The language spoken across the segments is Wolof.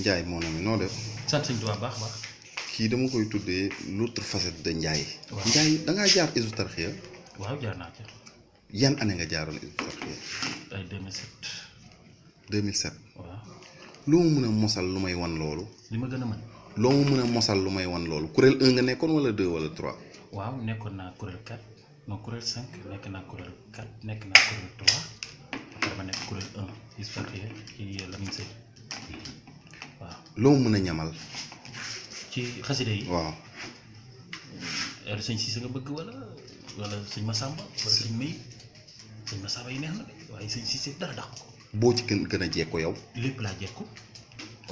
njaay moo nami noo def. sant nañ tubaab baax baax. kii dama koy tuddee l'autre facette de njaay waaw Ndiaye da jaar Hizbut yan année nga jaaroon Hizbut Tarqiyyah. ay mën a mosal lu may wan loolu. li ma gën a mën. loo ma mën a mosal lu may wan loolu kuréel 1 nga nekkoon wala de wala 3. waaw nekkoon naa kuréel 4 non kuréel 5 nekk naa kuréel 4 nekk naa kuréel 3 nekk kuréel 1 Hizbut Tarqiyyah ci Lamine Seye. loo mën a ñamal. ci xasida yi waaw. sëñ Cissé nga bëgg wala wala sëñ Massamba wala sëñ May sëñ Massamba yi neex na de waaye sëñ Cissé dara dàq ko. boo ci gën gën a jekko yow. lépp laa jekko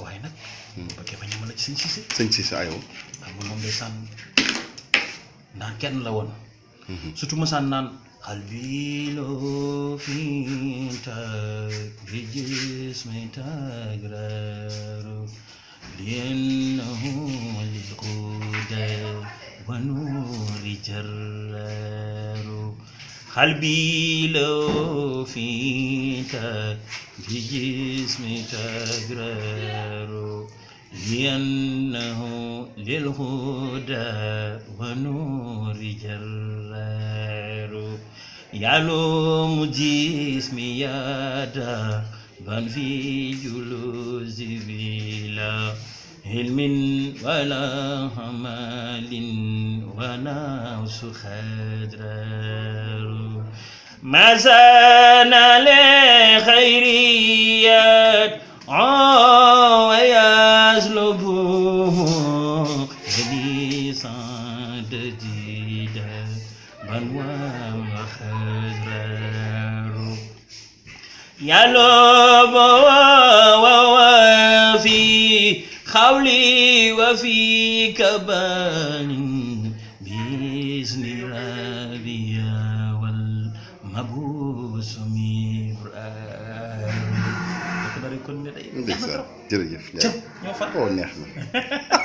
waaye nag. bu bëggee ma ñamal la ci sëñ Cissé. sëñ Cissé ayoo. waaw man moom day sànn naan kenn la woon. Hmm. surtout sànn naan xal bi loo تغرر لأنه للهدى ونور جرار قلبي لو فيك بجسم تغرر لأنه للهدى ونور جرار يعلم جسمي يا دار بل في جلوس بلا علم ولا عمل ولا سخدر ما زال لخيريات ويسلبه حديثا جديدا بل وخدر يلوم وفي خولي وفي كباني بإذن ربي والمبوس من قرآن jërëjëf ñoo fa neex na